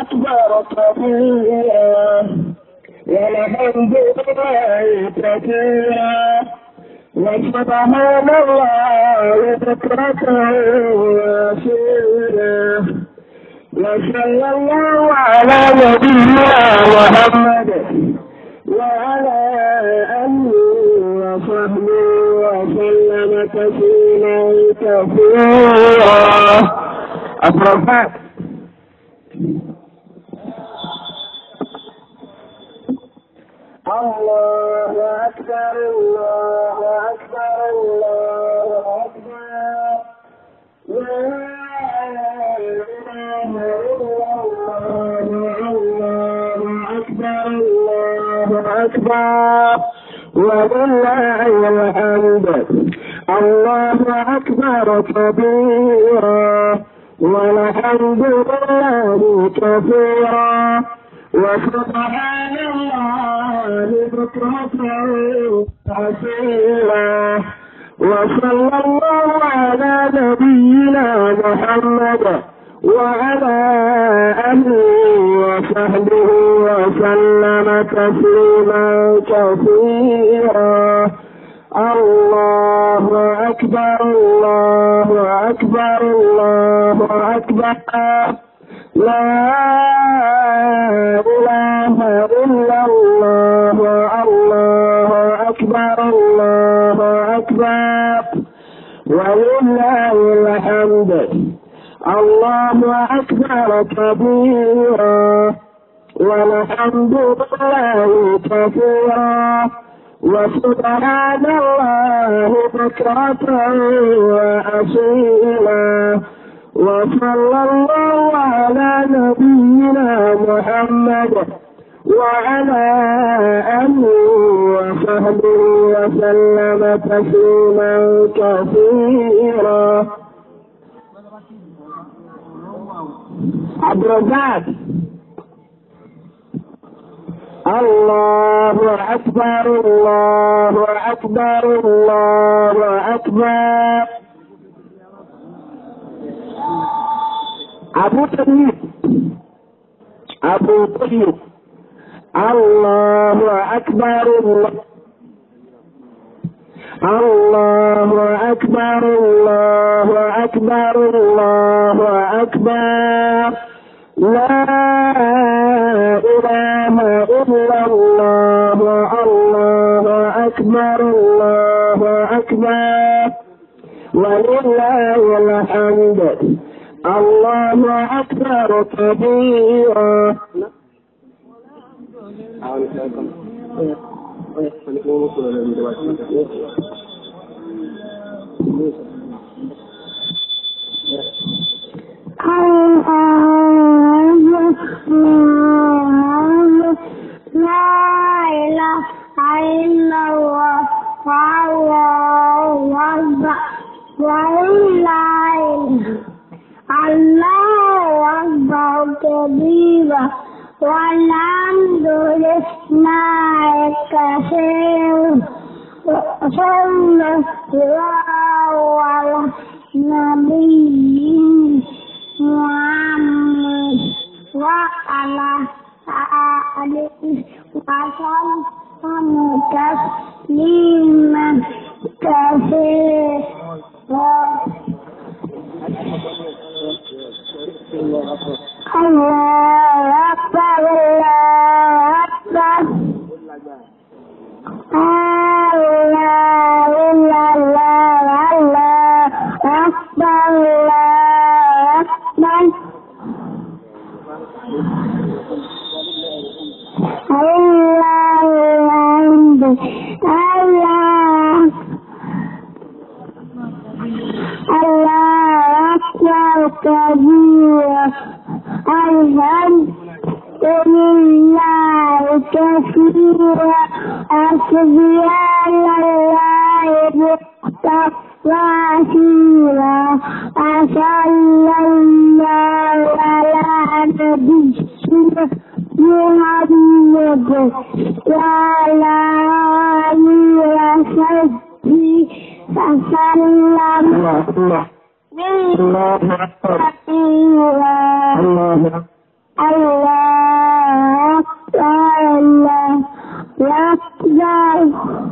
أكبر كبيرا والحمد لله كثيرا وسبحان الله بكرة وأصيلا وصلى الله على نبينا محمد وعلى آله وصحبه وسلم تسليما كثيرا you. الله أكبر الله أكبر الله أكبر لا إله إلا الله أكبر الحمد الله أكبر كبيرا والحمد لله كثيرا وسبحان الله بكرة عسيرا وصلى الله على نبينا محمد وعلى أهله وصحبه وسلم تسليما كثيرا الله أكبر الله أكبر الله أكبر laa ilaaha ila allahu allahu akbar allahu akbar walilaahi alxamd allahu akbar kabiira walxamdu lilaahi kafiira وسبحان الله بكرة وأصيلا وصلى الله على نبينا محمد وعلى آله وصحبه وسلم تسليما كثيرا عبد الرزاق الله أكبر الله أكبر الله أكبر ابو تميم ابو طيب الله اكبر الله اكبر الله اكبر الله اكبر لا اله الا الله الله اكبر الله اكبر ولله الحمد الله أكبر كبيرا الله تفاصيلا وصلى الله على نبينا محمد وعلى آله وصحبه وسلم الله أكبر الله أكبر الله أكبر الله أكبر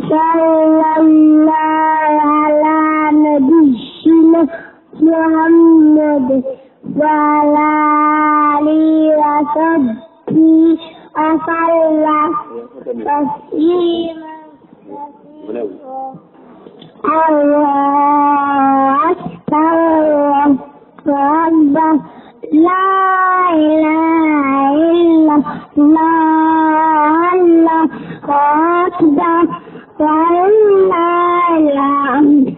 وصلى الله على نبينا محمد وعلى آله وصحبه وسلم تسليما الله أكبر الله لا إله إلا الله الله أكبر 回来了。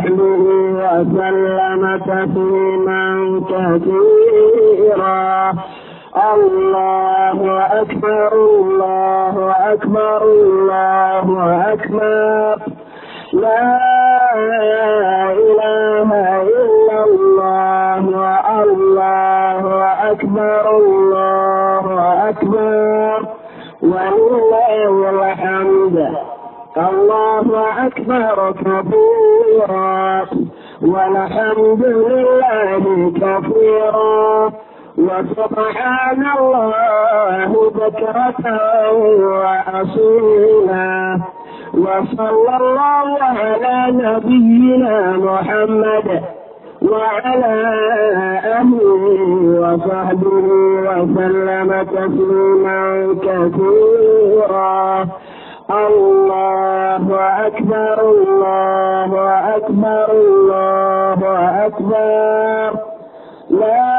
وصحبه وسلم تسليما كثيرا الله أكبر الله أكبر الله أكبر لا إله إلا الله الله أكبر الله أكبر ولله الحمد الله أكبر كبيرا والحمد لله كثيرا وسبحان الله بكرة وأصيلا وصلى الله على نبينا محمد وعلى أهله وصحبه وسلم تسليما كثيرا الله أكبر الله أكبر الله أكبر لا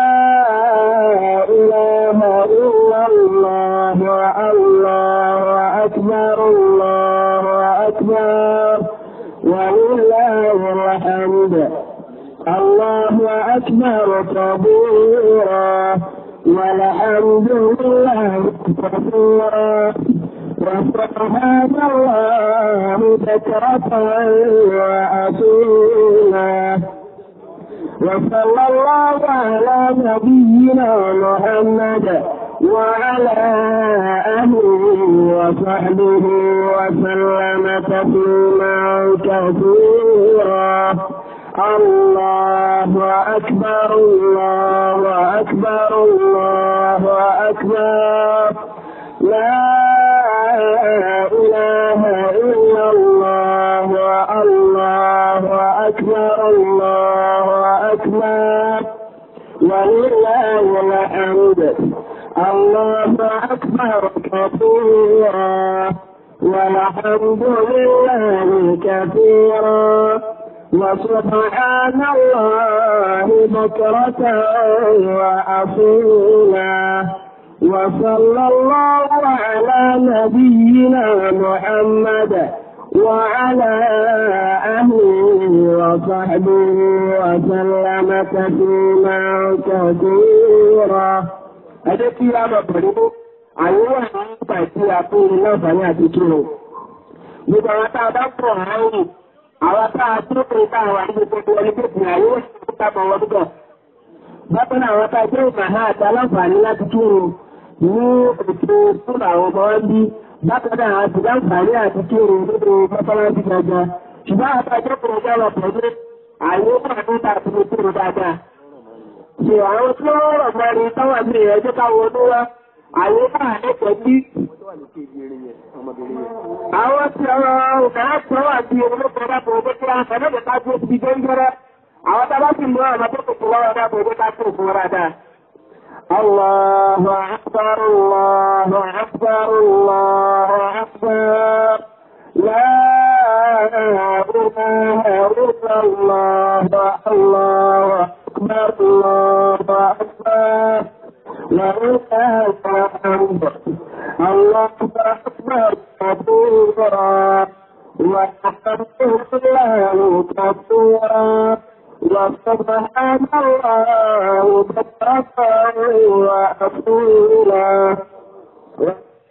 إله إلا الله الله أكبر الله أكبر ولله الحمد الله أكبر كبيرا والحمد لله كثيرا رفعها الله بكرة وأصيلا وصلى الله على نبينا محمد وعلى أهله وصحبه وسلم تسليما كثيرا الله أكبر الله أكبر الله أكبر لا الله أكبر كثيرا والحمد لله كثيرا وسبحان الله بكرة وأصيلا وصلى الله على نبينا محمد وعلى أهله وصحبه وسلم تسليما كثيرا ẹjẹ́ kí a mọ̀ pẹ̀lú àyẹ̀wò àwọn tí a tó ní láǹfààní àti kí o. Gbogbo àwọn tá a bá pọ̀ àárín àwọn tá a tó pé tá a wà ní gbogbo ẹni pé kì àyẹ̀wò Bákan àwọn tá a jẹ́ ìgbà náà àti aláǹfààní láti o ní ètò fún àwọn ọmọ wọn bí bákan náà àti àti ṣe àwọn tí wọ́n rọ̀ mọ́rin táwà ní ẹjọ́ káwọn tó wá àwọn náà lẹ́kọ̀ọ́ bí àwọn tí ọ̀rọ̀ òkàrà tí wọ́n ti ọmọlọ́pọ̀ dápò ọgbẹ́ tí wọ́n fẹ́lẹ́ lẹ́ta tó ti gẹ́gẹ́rẹ́ àwọn tàbá sì mọ́ ọ̀nà tó kòkò wọ́n dápò ọgbẹ́ tá tó fún ra أكبر الله أكبر لك الحمد الله أكبر كبيرا والحمد لله كبيرا وسبحان الله بكرة وأصيلا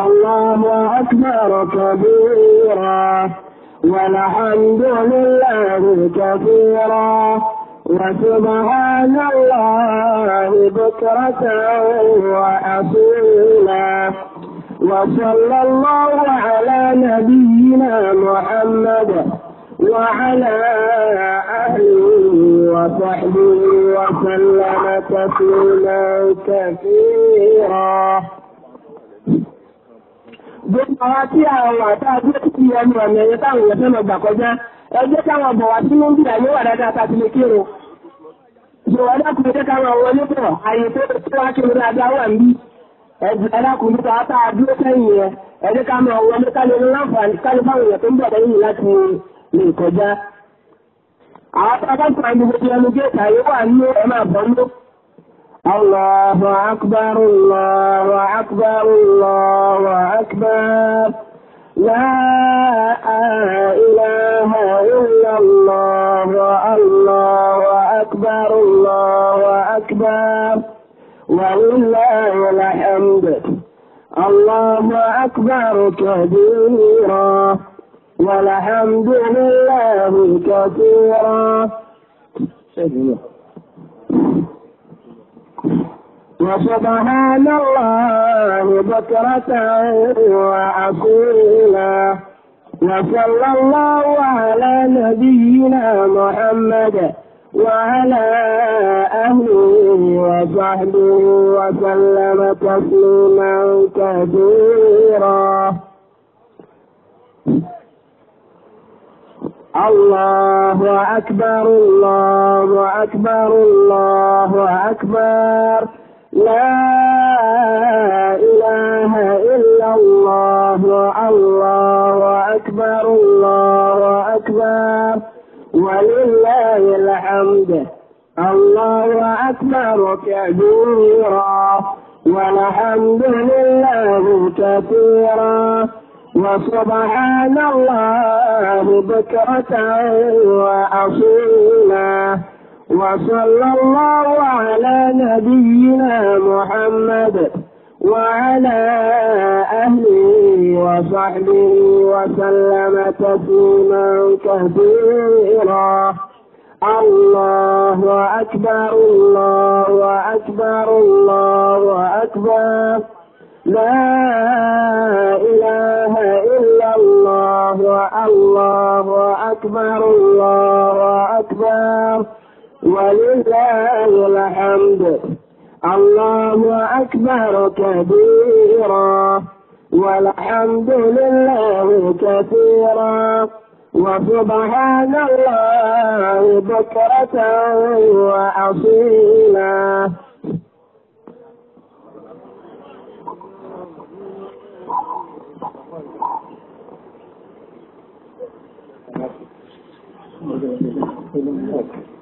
الله أكبر كبيرا والحمد لله كثيرا وسبحان الله بكرة وأصيلا وصلى الله على نبينا محمد وعلى أهله وصحبه وسلم تسليما كثيرا gbogbo àwọn tí àwọn àtà àdúrà ti fi ẹnu ọ̀nà ẹ̀yẹ táwọn èèyàn fẹ́ lọ gbà kọjá ẹjẹ́ káwọn bọ̀ wá sínú bí àyè wà dáadáa tàbí lè kérò ìṣòwò ẹ̀dàkùn ẹjẹ́ káwọn wọlé bọ̀ àyè tó tó wá kérò dáadáa wà ń bí ẹ̀dàkùn nípa àtà àdúrà sẹ́yìn yẹn ẹjẹ́ káwọn wọlé kálẹ̀ الله أكبر الله أكبر الله أكبر لا إله إلا الله الله أكبر الله أكبر ولله الحمد الله أكبر كبيرا والحمد لله كثيرا you. وسبحان الله بكرة وأصيلا وصلى الله على نبينا محمد وعلى أهله وصحبه وسلم تسليما كثيرا الله أكبر الله أكبر الله أكبر لا إله إلا الله الله أكبر الله أكبر ولله الحمد الله أكبر كبيرا والحمد لله كثيرا وسبحان الله بكرة وأصيلا وصلى الله على نبينا محمد وعلى أهله وصحبه وسلم تسليما كثيرا الله أكبر الله أكبر الله أكبر لا إله إلا الله الله أكبر الله أكبر ولله الحمد الله أكبر كبيرا والحمد لله كثيرا وسبحان الله بكرة وأصيلا Thank you.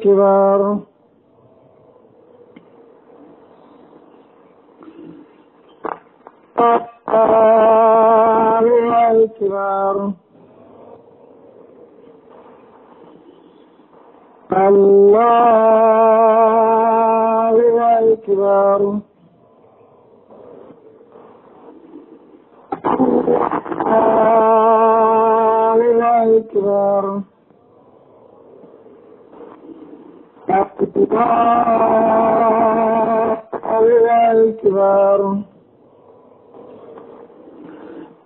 الكبار الكبار الله الكبار الله الكبار الله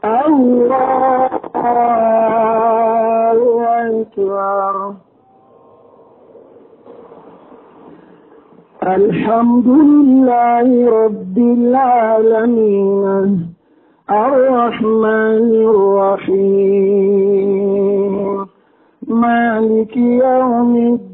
الله الحمد لله رب العالمين الرحمن الرحيم مالك يوم الدين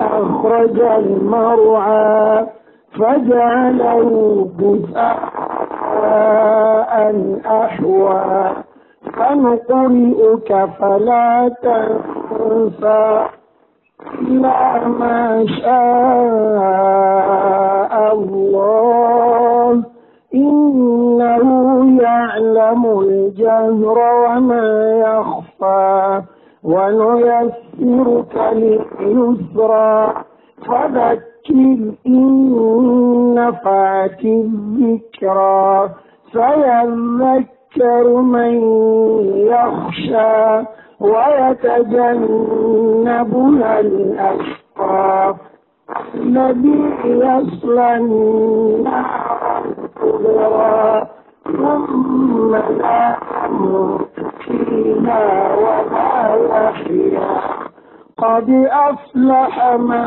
أخرج المرعى فجعله جزاء أحوى فنقرئك فلا تنسى إلا ما شاء الله إنه يعلم الجهر وما يخفى ونيسر يسرك لليسرى فذكر إن نفعت الذكرى سيذكر من يخشى ويتجنبها الأشقى الذي يصلى النار الكبرى ثم لا يموت فيها ولا يحيا قد أفلح من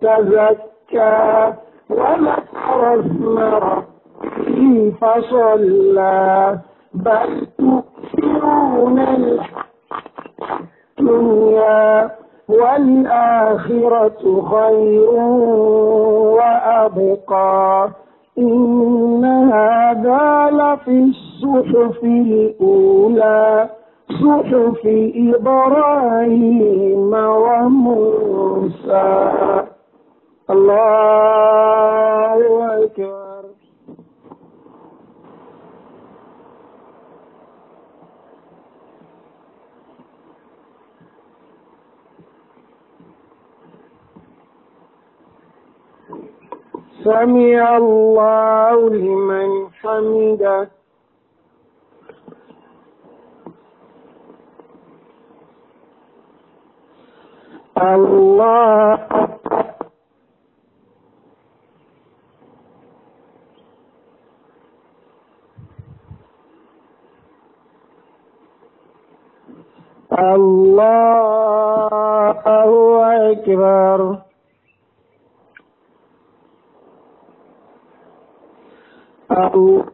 تزكى وذكر اسم ربه فصلى بل تؤثرون الدنيا والآخرة خير وأبقى إن هذا لفي الصحف الأولى صحف إبراهيم وموسى الله أكبر سمع الله لمن حمده الله الله أكبر الله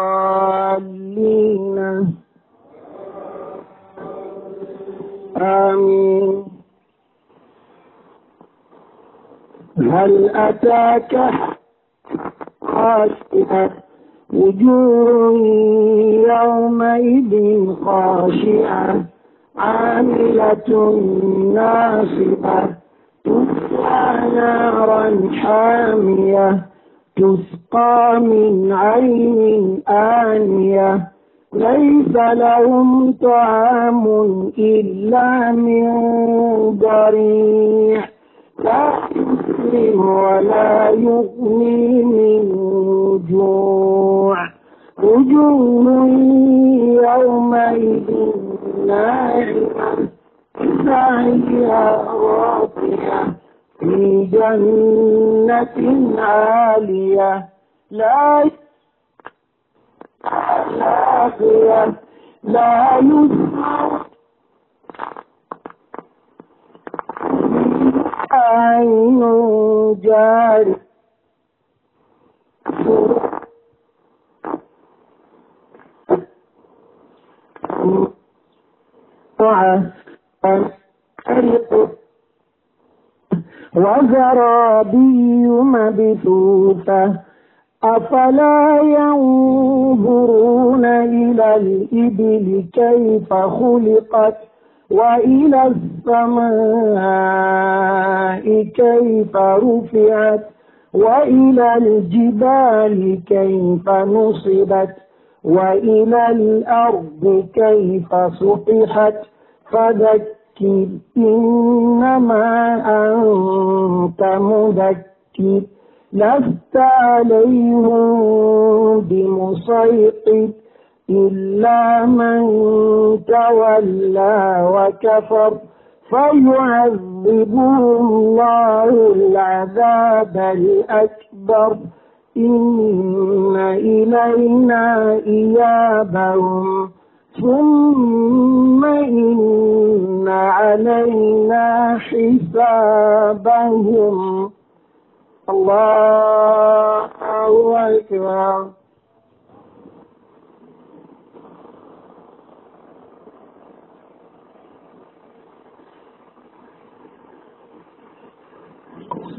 آمين هل أتاك خاشئة وجوه يومئذ خاشئة عاملة ناصبة تسقى نارا حامية تسقى من عين آنية ليس لهم طعام إلا من ضريع لا يسلم ولا يغني من جوع وجوه يومئذ ناعمة سعيها راضية في جنة عالية لا العافية لا يسمع عين جاري وزرابي مبثوثة أفلا ينظرون إلى الإبل كيف خلقت وإلى السماء كيف رفعت وإلى الجبال كيف نصبت وإلى الأرض كيف سطحت فذكر إنما أنت مذكر لست عليهم بمسيطر إلا من تولى وكفر فيعذبه الله العذاب الأكبر إن إلينا إيابهم ثم إن علينا حسابهم الله أكبر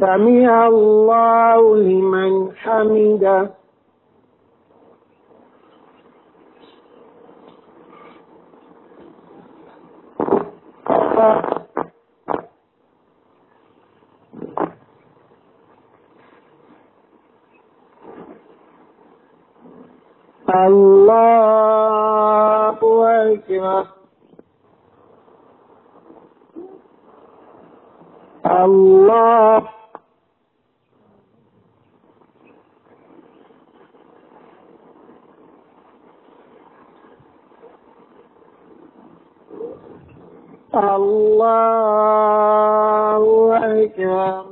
سمع الله لمن حمده Thank uh you. الله أكبر الله الله أكبر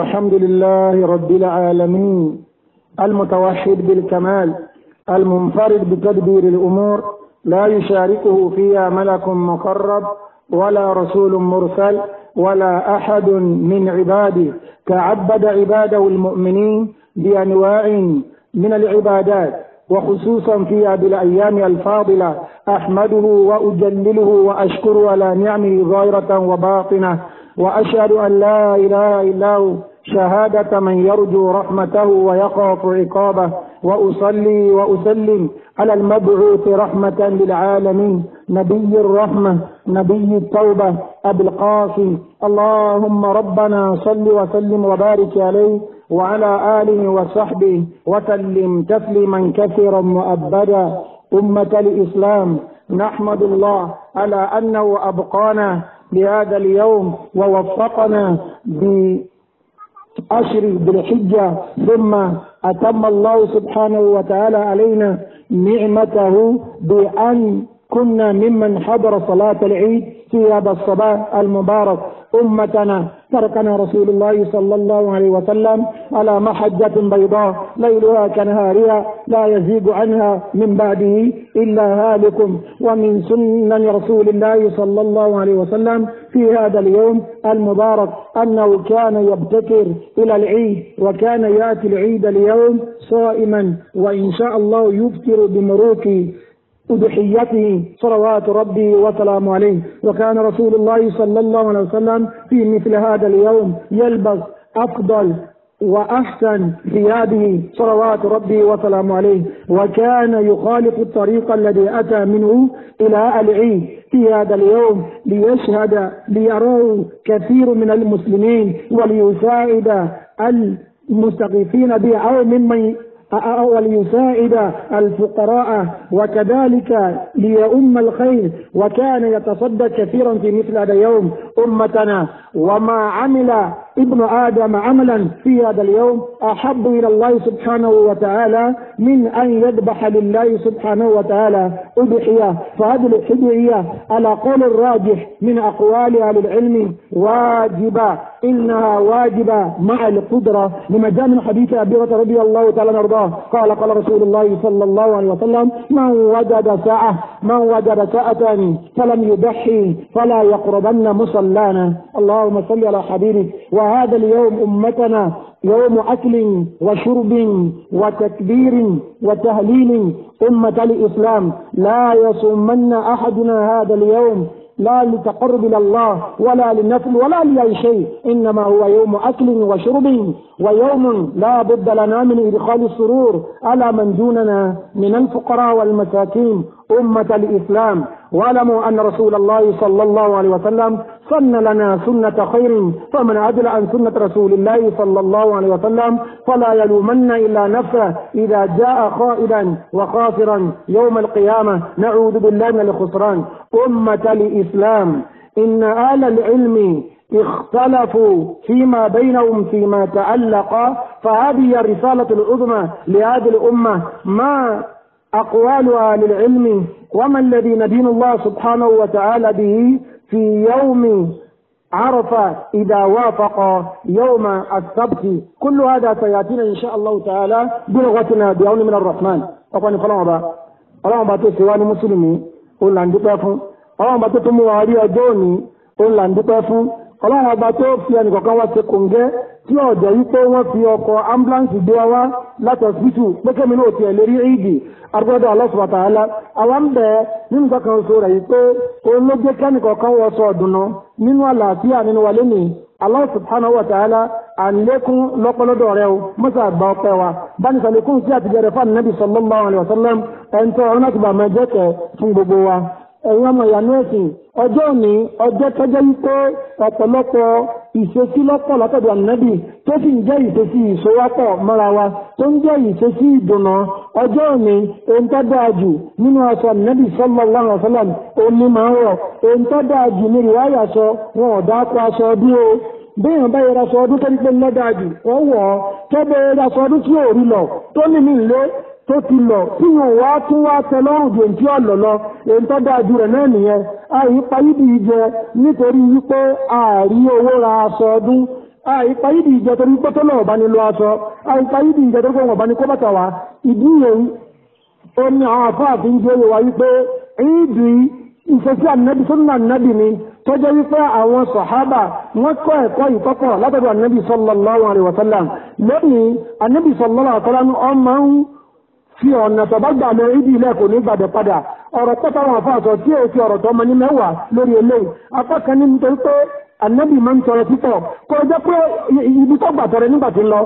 الحمد لله رب العالمين المتوحد بالكمال المنفرد بتدبير الأمور لا يشاركه فيها ملك مقرب ولا رسول مرسل ولا أحد من عباده تعبد عباده المؤمنين بأنواع من العبادات وخصوصا في هذه الأيام الفاضلة أحمده وأجلله واشكره على نعمه ظاهرة وباطنة وأشهد أن لا إله إلا هو شهادة من يرجو رحمته ويخاف عقابه وأصلي وأسلم على المبعوث رحمة للعالمين نبي الرحمة نبي التوبة أبي القاسم اللهم ربنا صل وسلم وبارك عليه وعلى آله وصحبه وسلم تسليما كثيرا مؤبدا أمة الإسلام نحمد الله على أنه أبقانا لهذا اليوم ووفقنا بأشر بالحجة ثم أتم الله سبحانه وتعالى علينا نعمته بأن كنا ممن حضر صلاة العيد في هذا الصباح المبارك أمتنا تركنا رسول الله صلى الله عليه وسلم على محجة بيضاء ليلها كنهارها لا يزيد عنها من بعده إلا هالك ومن سنن رسول الله صلى الله عليه وسلم في هذا اليوم المبارك أنه كان يبتكر إلى العيد وكان يأتي العيد اليوم صائما وإن شاء الله يبتر بمروك أضحيته صلوات ربي وسلامه عليه وكان رسول الله صلى الله عليه وسلم في مثل هذا اليوم يلبس أفضل وأحسن ثيابه صلوات ربي وسلامه عليه وكان يخالف الطريق الذي أتى منه إلى العيد في هذا اليوم ليشهد ليروه كثير من المسلمين وليساعد المستغيثين به أو ممن وليساعد الفقراء وكذلك ليؤم الخير وكان يتصدق كثيرا في مثل هذا اليوم أمتنا وما عمل ابن آدم عملا في هذا اليوم أحب إلى الله سبحانه وتعالى من أن يذبح لله سبحانه وتعالى أضحية فهذه الأضحية على قول الراجح من أقوال أهل العلم واجبة إنها واجبة مع القدرة لما جاء من حديث أبي هريرة رضي الله تعالى عنه قال قال رسول الله صلى الله عليه وسلم من وجد ساعة من وجد ساعة فلم يضحي فلا يقربن مصلانا اللهم صل على حبيبك وهذا اليوم أمتنا يوم أكل وشرب وتكبير وتهليل أمة الإسلام لا يصومن أحدنا هذا اليوم لا لتقرب إلى الله ولا للنفل ولا لأي شيء إنما هو يوم أكل وشرب ويوم لا بد لنا من إدخال السرور على من دوننا من الفقراء والمساكين أمة الإسلام واعلموا أن رسول الله صلى الله عليه وسلم سن لنا سنة خير فمن عدل عن سنة رسول الله صلى الله عليه وسلم فلا يلومن إلا نفسه إذا جاء خائبا وخاسرا يوم القيامة نعوذ بالله من الخسران أمة الإسلام إن اهل العلم اختلفوا فيما بينهم فيما تعلق فهذه الرسالة العظمى لهذه الأمة ما أقوال أهل العلم وما الذي ندين الله سبحانه وتعالى به في يوم عرفة إذا وافق يوم السبت كل هذا سيأتينا إن شاء الله تعالى بلغتنا بعون من الرحمن أقول فلان أبا فلان أبا تسواني مسلمي قل عندي تفهم أقول أبا تتموا علي أدوني قل عندي تفهم ọlọ́run ọba tó fi ẹnìkọ̀kan wá ṣe kò ń gẹ́ tí ọ̀dẹ̀ yìí pé wọ́n fi ọkọ̀ ambulance gbé wá láti ọ̀sibítù pé kémi náà tiẹ̀ lè rí ìdì arúgbọ́dọ̀ ọlọ́sùwàtà ẹ̀la àwọn ń bẹ̀ nínú kankan so rẹ̀ yìí pé olóògbé kẹ́nìkọ̀kan wọ sọ nínú àlàáfíà nínú àlékún lọ́pọ̀lọ́dọ̀ o mọ́sà àgbà ọpẹ́ wa báni sí àtijọ́ rẹ̀ fún ànábì bàmọ́ ẹ̀yin ọmọ ìyá nẹ́ẹ̀sì ọjọ́ òní ọjọ́ tọ́jọ́ wípé ọ̀pọ̀lọpọ̀ ìṣesí lọ́pọ̀ látọ̀dọ̀ ànábì tó sì ń jẹ́ ìṣesí ìṣòwọ́pọ̀ mọ́ra wa tó ń jẹ́ ìṣesí ìdùnnà ọjọ́ òní ohun nínú aṣọ máa ń rọ̀ ní sọ wọn ò dákọ aṣọ ọdún o béèyàn bá yẹra sọ ọdún tó wọ́n wọ̀ ọ́ tó yẹra sọ ọdún tí rí lọ tó ní mi lé tó ti lọ kí wọn wá tún wá tẹ lọ́rùn tí ọ ọ̀lọ́ lọ èyí tó rẹ̀ náà nìyẹn àyípayídì jẹ nítorí wípé ààrí owó ra aṣọ ọdún àyípayídì jẹ torí pé tó lọ́wọ́ bá ní aṣọ àyípayídì jẹ torí wọn bá kó bàtà wá ìdí yẹn jẹ́ wá wípé ìdí ànábì ànábì ni tó wípé àwọn sọ̀hábà wọ́n kọ́ ẹ̀kọ́ ìkọ́kọ̀ látọ̀dọ̀ ànábì fi ọ̀nà tọ́gbàgbà lọ ibi ilẹ̀ kò ní gbàdẹ̀ padà ọ̀rọ̀ pọ́tà wọn fà sọ tí èsì ọ̀rọ̀ tọmọ ní mẹ́wàá lórí eléyìí apá kan ní nítorí pé ànábì máa ń tọrọ púpọ̀ kò jẹ́ pé ibi tó gbàtọrẹ nígbà tí ń lọ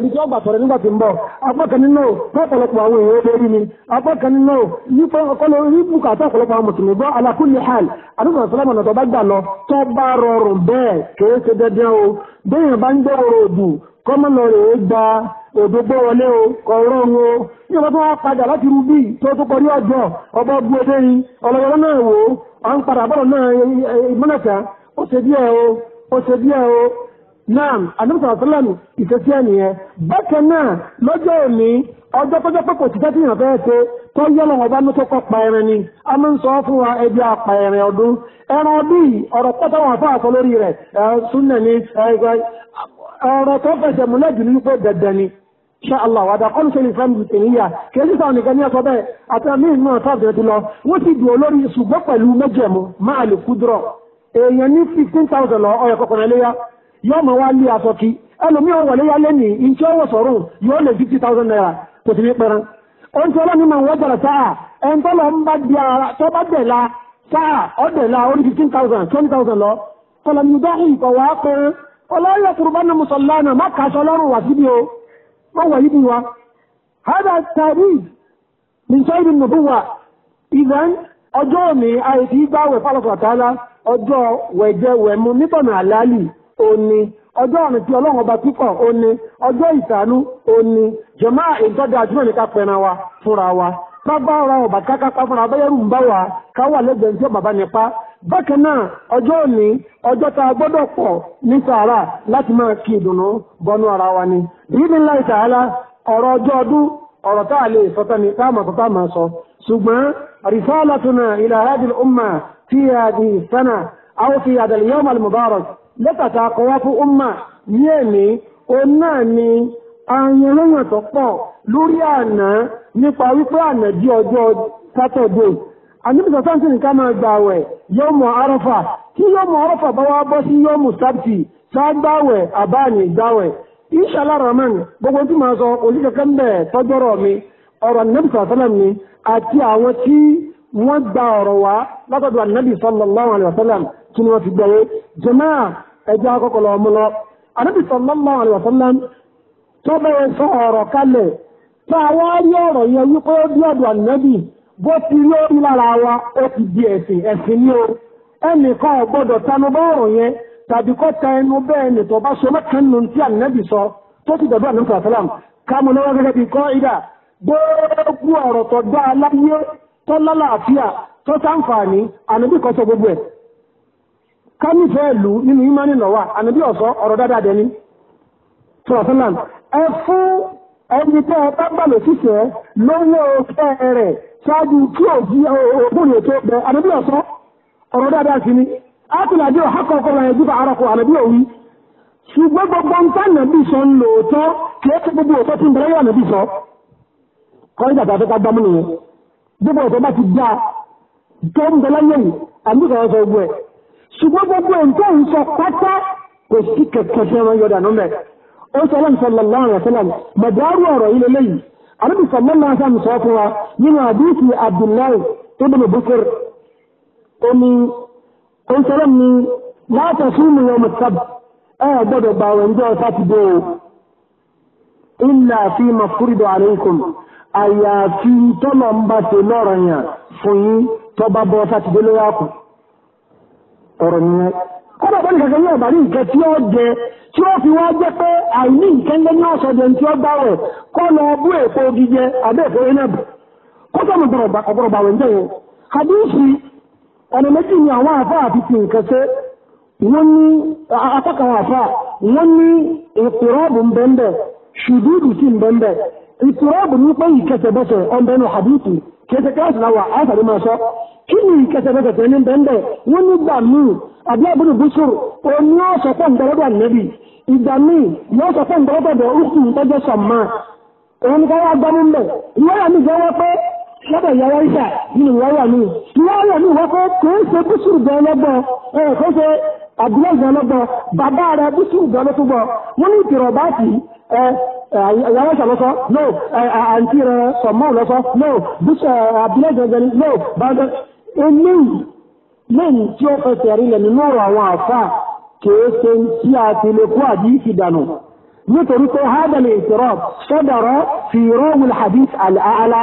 ibi tó gbàtọrẹ nígbà tí ń bọ̀ apá kan nínú ọ̀pọ̀lọpọ̀ àwọn èèyàn lórí mi apá kan nínú nípa o bẹ́ẹ̀ bá ń gbọ́ kọ́mọ́nà rẹ̀ òdògbó wọlé o o ní ọba tó padà láti tó tó ọjọ́ ọba bu náà wò ó à ń padà náà ó o ó ṣe o náà àdúgbò àtọ́lánù ìṣesí ẹ̀nìyẹn bákan náà lọ́jọ́ òní ọjọ́ tọ́jọ́ ti tẹ́tí fẹ́ẹ́ ṣe tó bá ní tó kọ́ pa ẹran ni a máa ń sọ fún wa ẹbí apá ẹran ọdún ẹran bíi ọ̀rọ̀ wọn fún ṣáàlá wàdà kọ́lùsẹ̀ lè fẹ́mi tèmíyà kẹ́sí sáwọn nìkan ní ọ̀sọ́ bẹ́ẹ̀ àti àmì ìmọ̀ sáàbẹ̀ ti lọ wọ́n ti dùn olórí ṣùgbọ́n pẹ̀lú mẹ́jẹ̀mú máa lè kú dúrọ̀ èèyàn ní fifteen thousand lọ ọyọ kọkànlá léyà yóò mọ̀ wá lé aṣọ kí ẹlòmíì ọ̀wọ̀ léyà lẹ́nì iṣẹ́ ọwọ́ sọ̀rọ̀ yóò lè fifty thousand naira kò sí ní pẹ́rán ohun tí ọlọ́ni máa ń wọ́n jàrà sáà ẹn tó lọ ń bá di ara tó مواليدها هذا التعبيد من سيد النبوة إذا ọjọ́ mi àìsí gbáwẹ̀ fálọ́fàtàlá ọjọ́ wẹ̀jẹwẹ̀mu nítọ̀nà àlálì òní ọjọ́ ọ̀nà tí ọlọ́run ọba púpọ̀ òní ọjọ́ ìsànú òní jẹ̀má ìtọ́jà àjúmọ̀ ní ká pẹran wa fúnra wa ká bá ọ̀rọ̀ ọ̀bà kákápá bákan náà ọjọ́ òní ọjọ́ tá a gbọ́dọ̀ pọ̀ ní sàárà láti máa kí ìdùnnú bọnú ara wa ni ìdílé ìtàhálà ọ̀rọ̀ ọjọ́ ọdún ọ̀rọ̀ tá a lè sọ́tọ́ ni tá a mọ̀ tá a máa sọ ṣùgbọ́n risalatuna ila hadhihi umma fi hadhihi sana aw fi hadha al-yawm al lẹ́tà tá a wá fún umma ní èmi òun náà ni àyànlọ́yàn tó pọ̀ lórí àná nípa wípé àná di ọjọ́ sátọ̀dẹ̀ẹ́ àníbi sọ̀tàn sì nìkan máa gbà wẹ̀ yóò mọ̀ arọ́fà tí yóò mọ̀ arọ́fà bá wá bọ́ sí yóò mọ̀ sábtì ságbàwẹ̀ àbáàní gbàwẹ̀ inṣàlá rahman gbogbo tí màá sọ oníkẹ́kẹ́ ń bẹ̀ tọ́jọ́rọ̀ mi ọ̀rọ̀ àníbi sọ̀tàn mi àti àwọn tí wọ́n gba ọ̀rọ̀ wá látọ̀dọ̀ ànábì sallallahu alaihi wasallam kí ni bó ti rí orí lára wa ó ti di ẹ̀sìn ẹ̀sìn ní o ẹnìkan ò gbọ́dọ̀ tẹnu bá ọ̀rọ̀ yẹn tàbí kó ta ẹnu bẹ́ẹ̀ bá so mẹ́kàn nù tí ànábì sọ tó ti dọ̀dọ̀ ànábì sàlám kámo lọ́wọ́ gẹ́gẹ́ bí kọ́ ìdá gbogbo ọ̀rọ̀ tó dá aláyé tó lálàáfíà tó sáǹfààní ànábì kọ́ sọ gbogbo ẹ̀ ká ìlú nínú ìmánì lọ́wà ànábì ọ̀sọ́ ọ̀rọ̀ dáadáa dẹni sọ̀rọ̀ ẹ fún ẹni tẹ́ ẹ bá gbà lòṣìṣẹ́ lówó ọ̀fẹ́ rẹ̀ ṣáájú kí òjì òkúrò tó pẹ́ àdébí ọ̀sán ọ̀rọ̀ dáadáa sí ni àdébí òwí ṣùgbọ́n gbogbo sọ lòótọ́ kì í ṣe gbogbo òtọ́ tí ń yà nàbí sọ kọ́rin dàtà tó ká gbámú nìyẹn gbogbo òtọ́ bá ti dá tó ń bẹ̀rẹ̀ yẹ̀yìn àbí kọ̀ sọ gbogbo ẹ̀ ṣùgbọ́n nínú àdíkì Abdullahi ibn Bukr omi oúnjẹ ni láti súnmù yọmọ sáb ẹ gbọ́dọ̀ gba àwọn ọjọ́ sátidé o ilẹ̀ àfi mafúrídọ̀ àríkùn àyàfi tọ́lọ̀ ń bá ṣe lọ́rọ̀ yàn fún yín tó bá bọ́ sátidé lórí àpò ọ̀rọ̀ kódà ní ọ̀gbọ̀rọ̀ bàwẹ̀ ńjẹ́ yẹn hadisi ọ̀nà méjì ni àwọn àfá àti ti nǹkan ní apákan àfá ní ṣùdúdù sí ní kẹsẹ̀ máa sọ kí ni ìkẹsẹ̀bẹsẹ̀ tẹ̀lé ńbẹ́ńbẹ́ wọ́n ní gbà míì àbí àbúrò búṣùr òní ọ̀sọ̀ pọ̀ ńgbọ́lọ́dọ̀ ìgbà lọ́dọ̀ ìyàwó ìṣà ní ìwọ́wọ̀ mi ìwọ́wọ̀ mi wọ́n fẹ́ kò ń ṣe búṣù gan lọ́gbọ̀n ẹ̀ kò ń ṣe àbúrò gan lọ́gbọ̀n bàbá rẹ̀ búṣù gan ló túbọ̀ wọ́n ní ìtìrọ̀ bá sì ẹ ìyàwó ìṣà lọ́sọ́ no àǹtí rẹ̀ sọ̀mọ́ lọ́sọ́ no búṣù àbúrò gan no bàbá eléyìí lẹ́yìn tí ó fẹsẹ̀ rí lẹ̀ nínú ọ̀rọ̀ àwọn àfà kìí ṣe tí a ti lè kó àdíìsì dànù nítorí pé hádàlẹ̀ ìtìrọ̀ sọ́dọ̀rọ̀ fi rọ́wùl hadith àlàálá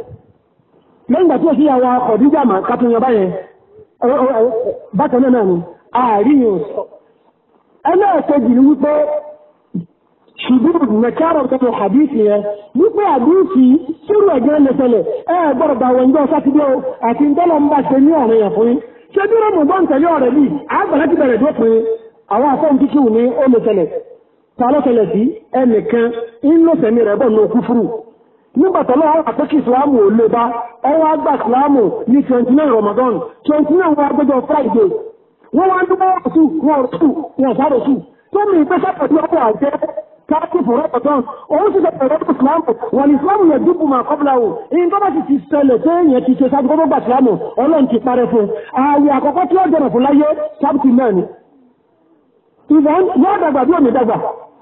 lẹ́yìn ìgbà tí ó sí àwọn ọ̀díjà mà kàtúnyàn báyẹn bákan náà ni àárín òsọ ẹlẹ́ẹ̀kejì ni wípé ṣùgbọ́n mẹ́kárọ̀ tó lọ hadith yẹn wípé lẹ́sẹ̀lẹ̀ gbọ́dọ̀ bá wọn jọ sátidé o àti ntọ́lọ́ ń bá ṣe ní ọ̀rọ̀ yẹn fún yín ṣé bí rọ́mù bọ́ ntẹ̀lé ọ̀rẹ́ bí àgbàlá ti bẹ̀rẹ̀ nígbàtà náà wọ́n àpẹ́kì ìsìláàmù ò lè bá ọwọ́ àgbà ìsìláàmù ní twenty nine Ramadan twenty nine wọn agbẹjọ Friday wọ́n wá ń dúró ọ̀tún wọn ọ̀tún wọn sáré tù tó mi ìgbé sápàdé ọwọ́ àjẹ́ káàkì fún Ramadan òun sì sọ̀rọ̀ lọ́dún ìsìláàmù wọn ni ìsìláàmù yẹn dúpọ̀ máa kọ́bla o ìyẹn tó bá sì ti ṣẹlẹ̀ tó yẹn ti ṣe sábì kọ́kọ́ gbà ìsìláàmù Ọlọ́run ti parẹ́ fún ààwẹ̀ àkọ́kọ́ tí ó jẹ̀rọ̀ fún láyé sábì náà ni ìfọ̀n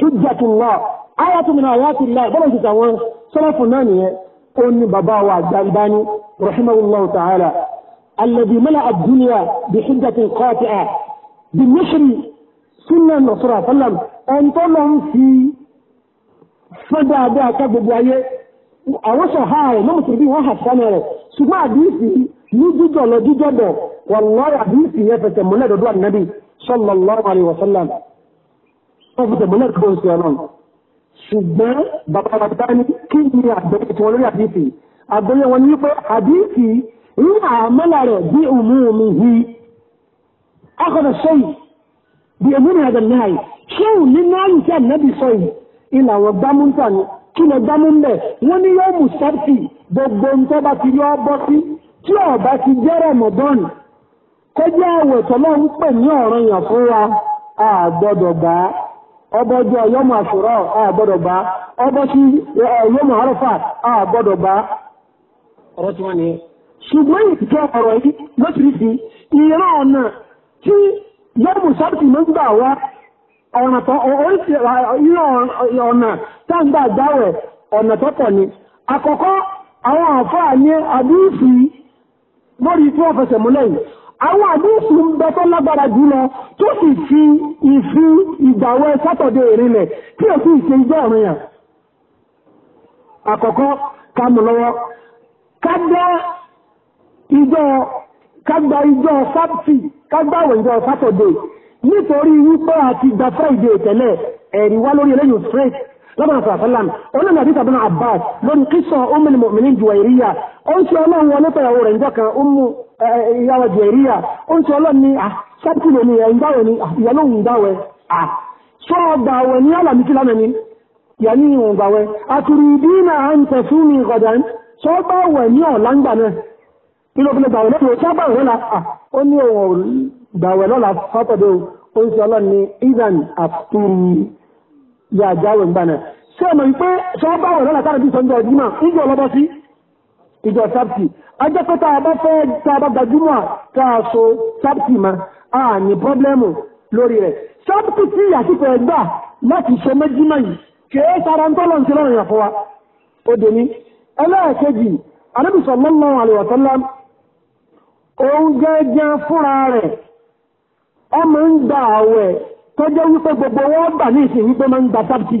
hujjatullah ayatu min ayatullah bọ́lá ti tàwọn sọ́lọ́fù náà nìyẹn ó ní bàbá wa Al-Albani rahimahullahu ta'ala alladhi mala'a ad-dunya bi hujjatin qati'a bi mishri sunnah nasra sallam ẹ̀ńtọ́ lọ ń fi fọ́dáadáa ká gbogbo ayé àwọn sọ̀há rẹ̀ lọ́mọ̀ tó bí wọ́n hà sánà rẹ̀ sallallahu alaihi wasallam fúnfúnfún tẹ̀gbọ́n náà tó ṣùgbọ́n bàbá bàbá ní kí ni àgbẹ̀yẹ tí wọ́n lórí àdìsí àgbẹ̀yẹ wọn ní pé àdìsí ní àmọ́là rẹ̀ bí òmù mi hi akọ̀dọ̀ sẹ́yìn bí èmi ní àgbẹ̀ náà ṣéwù ní ànábì ilà kí ni wọ́n ní yóò mú gbogbo ń ti yọ bọ́ sí tí ọbọjọ yọmọ àṣùrọ àgbọdọgba ọbọ tí yọmọ àrọfà àgbọdọgba ọ̀rọ̀ tí wọn ni. ṣùgbọ́n ìjọ ọ̀rọ̀ yìí lóṣìṣì ìran ọ̀nà tí yọmọ sábìtì ló ń gbà wá ọ̀nà tó oríṣi ọ̀nà tá ń gbà dáwẹ̀ ọ̀nà tó pọ̀ ni. àkọ́kọ́ àwọn àǹfààní àdúrúfì lórí tí wọ́n fẹsẹ̀ múlẹ̀ yìí àwọn àdéhùn ń bẹ tó lágbára jùlọ tó sì fi ìfi ìgbàwẹ̀ sátọ̀dé ìrìnlẹ̀ tí ò sì ṣe ìjọ ọ̀rìn yàn. àkọ́kọ́ ká mú lọ́wọ́ ká dá ìjọ ká gba ìjọ sátì ká gbàwẹ̀ ìjọ sátọ̀dé nítorí wípé àti gba friday tẹ́lẹ̀ ẹ̀rí wá lórí eléyìí straight lọ́bàá sọ̀rọ̀ sọ́lá ọ̀nà nàbí tàbí náà abbas lórí kíṣọ̀ ọmọ ìmọ̀mìnì jùwẹ̀ ìríyà ó ń ṣe ọlọ́run wọlé pẹ̀lú ọ̀rẹ́ ìjọ kan ó mú ìyàwó jẹ̀ríyà ó ń sọ ọlọ́run ni sábùkù lónìí ẹ̀ ń dáwẹ̀ ní ìyàló ń dáwẹ̀ sọ́ọ̀ gbàwẹ̀ ní alàmìtí lánàá ni yà ní ìwọ̀n gbàwẹ̀ àtùrìdínà à ń tẹ̀ fún mi ìkọ̀dà sọ́ọ̀ gbàwẹ̀ ní ọ̀làǹgbà náà nínú òfin gbàwẹ̀ lọ́pọ̀ tí a bá wẹ̀ lọ́la ó ní òun gbàwẹ̀ lọ́la sátọ̀dẹ̀ ó ń sọ ọlọ́run ní ivan àtùrì yà jáwẹ̀ ń gbà náà ṣé ọmọ yìí ajẹ́ pé tá a bá fẹ́ tá a bá gbajúmọ̀ tá a so sábìtì mọ́ a ní pọ́blẹ́mù lórí rẹ̀ sábìtì tí àtìkọ̀ ẹ̀gbà láti so méjì náà yìí kèé sára ń tọ́lọ̀ sí lọ́rùn yàn fún wa ó dè ní ẹlẹ́ẹ̀kejì Ànábì sallallahu alaihi òun gẹ́gẹ́ fúnra rẹ̀ ọmọ ń gba àwẹ̀ tọ́jọ́ wípé gbogbo wọn gbà ní ìsìn wípé máa ń gba sábìtì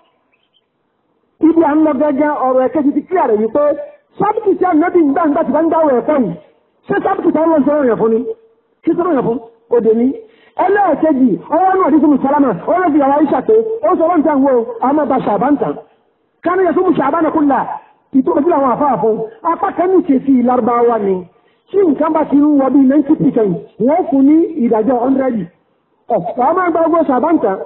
ibi à ń lọ gẹ́gẹ́ ọ̀rọ̀ ẹ̀kẹ́ ti ti kílà rẹ̀ wípé sábìtì tí ànábì gbà ń gbà tí wọ́n gbà wọ̀ ẹ̀fọ́ yìí ṣé sábìtì tí wọ́n ń sọ̀rọ̀ yẹn fún ni kí sọ̀rọ̀ yẹn fún òde ní. ẹlẹ́ẹ̀kejì ọwọ́ náà dídùn mùsàlámà ọwọ́ fi àwọn aisha pé ó sọ wọ́n tàn wọ́n àmọ́ bá ṣàbántàn kánú yẹn fún mùsàlámà kúnlá ìtòkòtì làwọn àfáà fún apá kan ní ìṣesí lárúbáwá ni tí nǹkan bá ti ń wọ bíi ninety percent wọ́n fún ní ìdájọ́ hundred ọ̀pọ̀ àmọ́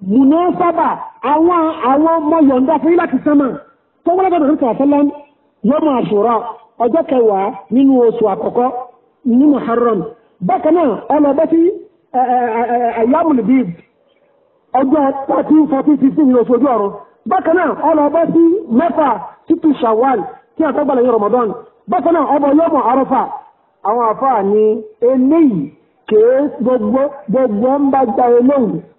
mùnà saba àwọn àwọn ọmọ yọ̀ǹda fún yín láti sánmà tó wọ́n lọ́dọ̀ nípa àfẹ́lẹ́ yọmọ àṣùrà ọjọ́ kẹwàá nínú oṣù àkọ́kọ́ ní Muharram bákan náà ọlọ́bẹ́ sí ayámùlùbíb ọjọ́ thirteen fourteen fifteen ní oṣù ojú ọ̀run bákan náà ọlọ́bẹ́ sí mẹ́fà títú Shawwal tí a tọ́gbà lẹ́yìn Ramadan bákan náà ọmọ yọmọ arọ́fà àwọn àfáà eléyìí kèé gbogbo gbogbo ń bá gba eléyìí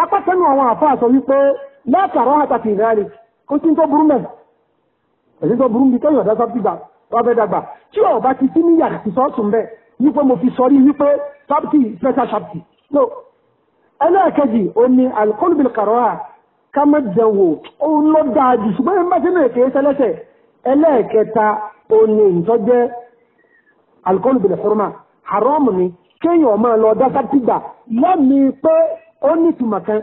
apákẹ́nu àwọn àfáà sọ wípé látàrọ́ àtàkì ìrẹ́lẹ̀ kò sí tó burú mẹ́rin èyí tó burú mi kẹ́yìn ọ̀dá sábìgbà ọbẹ̀ dàgbà tí ọba ti sí níyà ti sọ́ọ̀tún bẹ́ẹ̀ wípé mo fi sọrí wípé sábìtì special sábìtì no ẹlẹ́ẹ̀kejì ó ní alukóni bíi kàrọ́à ká má jẹ̀wò ó ń lọ dáa jù ṣùgbọ́n ẹ̀ ń bá sínú èké sẹ́lẹ́sẹ̀ ẹlẹ́ẹ̀kẹta ó ní ó nítumọ̀ kan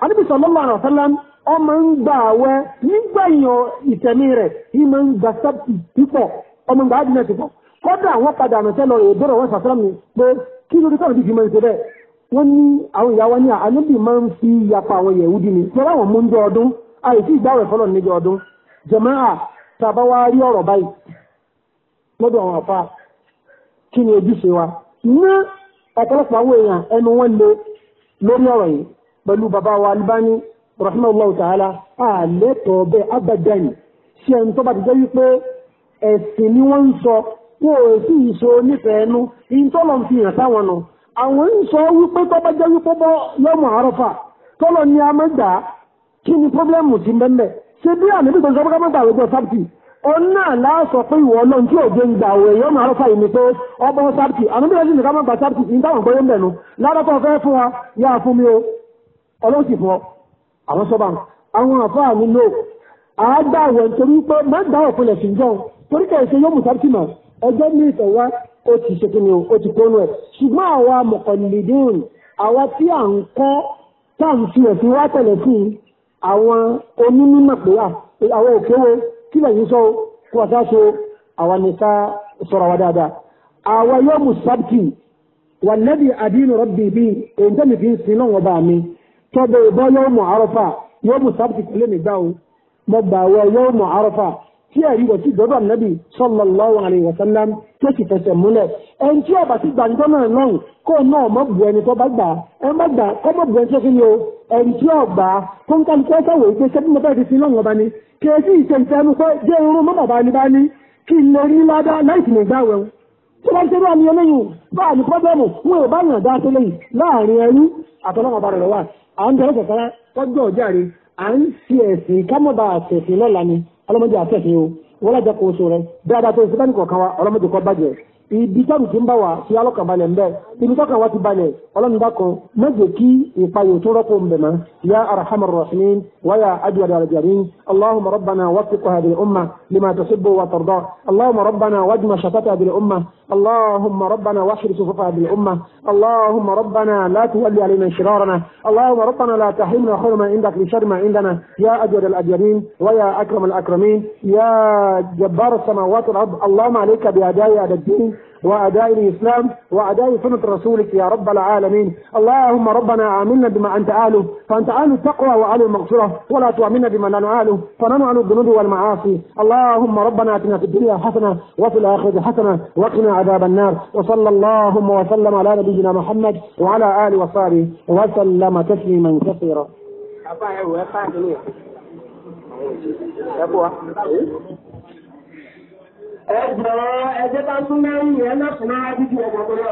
Ànábì sallallahu alaihi ọ ọmọ ń gbà àwẹ̀ nígbẹ̀yàn ìtẹ̀mí rẹ̀ ìmọ̀ ń gbà sábì pípọ̀ ọmọ ń gbà ádùnà pọ̀ kọ́dà àwọn padà àmọ̀tẹ́ lọ èdè ọ̀rọ̀ wọn sàfẹ́ràn pé kí ló dé sọ̀rọ̀ bíi fi máa ń ṣe bẹ́ẹ̀ wọ́n ní àwọn ní máa ń fi yapa àwọn mú ọdún àìsí ìgbàwẹ̀ lórí ọ̀rọ̀ yìí pẹ̀lú bàbá wa Albani rahimahullahu ta'ala àlẹ́tọ̀ bẹ́ẹ̀ abadan ṣé ẹni tó bá ti jẹ́ wípé ẹ̀sìn ni wọ́n ń sọ wọn ò sì ń so nífẹ̀ẹ́ ẹnu ìtọ́lọ̀ ń fi hàn sáwọn nù àwọn ń sọ wípé tó bá jẹ́ wípé bọ́ lọ́mọ àrọ́fà tọ́lọ̀ ni a máa gbà kí ni pọ́blẹ́mù ti mẹ́mẹ́ ṣe bí àlébìtàn sọ́kọ́ máa gbà wípé sábìtì ọ̀nà láàsọ̀ pé ìwọ ọlọ́run tí òde ń gbà òwe yóò máa rọ́fà ìní pé ọmọ sábìtì àwọn méjèèjì nìkan máa gba sábìtì sí táwọn gbọ́yé ń bẹ̀nu ládọ́tọ̀ fẹ́ fún wa yá fún mi o ọlọ́run sì fún ọ àwọn sọ́ba àwọn àfáà mi lò àágbà àwẹ̀ nítorí pé má gbà òpinlẹ̀ sí jọ torí kẹ̀ ṣe yóò mú sábìtì mà ẹjọ́ ní ìtọ̀ wa ó ti ṣe kí ni o ó ti kónú ẹ̀ ṣùgbọ́n àwọn àwọn òkèwé Kila lẹ́yìn kwa kó ọ̀tá so àwọn nìka sọ̀rọ̀ wa dáadáa. àwa yóò mú sábìtì wà lẹ́bi àdínú rọ́bì bí èyí tẹ́mi fi ń sin náà wọ́n bá mi tọ́bẹ̀ ìbọ́ yóò mú àrọ́fà yóò mú sábìtì mi gbà mo gbà wọ yóò mú àrọ́fà tí ẹ̀rí wọ̀ sí ìdọ́dọ̀ sallallahu alaihi wasallam tó sì fẹsẹ̀ múlẹ̀ ẹni tí ọba ti gbàǹjọ́ náà náà kó náà mọ̀ bu ẹni tó bá gbà ẹ má gbà kọ́ mọ̀ bu ẹni tó kí ni o ẹni tí ọba tó ń kálukú ẹ sáwọ̀ ìgbésẹ̀ bí mo bá ti sin náà wọ́n kì í sí ìṣẹ̀ǹtẹ̀mú pé jẹ́ irun mọ́ bàbá ni bá ní kí n lè rí ládá láìsí ní ìgbà tí wọ́n ṣe bá pọ́bẹ́mù yàn dá tó lẹ́yìn láàrin ẹrú àtọ́lọ́mọ bá rẹ̀ wà à ń tọ́jú o wọ́n lájà kó oṣù rẹ̀ dáadáa tó wa ọlọ́mọdé kọ́ ibi ń bá wa fi alọ́kànbalẹ̀ ibi tọ́ka wa ti balẹ̀ ọlọ́run bá kan mẹ́jọ kí ìpayò tó rọ́pò mbẹ̀mọ́ ya arhamar rahimin waya ajiyar alajarin allahumma rabbana wasiqu hadhihi al-umma lima tuhibbu wa tarda allahumma rabbana wajma shatata hadhihi al-umma اللهم ربنا واحد صفوف هذه الأمة اللهم ربنا لا تولي علينا شرارنا اللهم ربنا لا تحرمنا خير ما عندك لشر ما عندنا يا أجود الأجرين ويا أكرم الأكرمين يا جبار السماوات والأرض اللهم عليك بأداء هذا الدين وأداء الإسلام وأداء سنة رسولك يا رب العالمين اللهم ربنا عاملنا بما أنت آله فأنت أهل التقوى وأهل المغفرة ولا تؤمنا بما لا نعاله فننعل الذنوب والمعاصي اللهم ربنا آتنا في الدنيا حسنة وفي الآخرة حسنة وقنا عذاب النار وصلى اللهم وسلم على نبينا محمد وعلى آله وصحبه وسلم تسليما كثيرا apa ya, apa ini? Ya, ẹ̀jọ̀ ẹ̀jẹ̀ ká súnmọ́ ìyẹn náà súnmọ́ wájú ju ọ̀gbọ̀n tó lọ.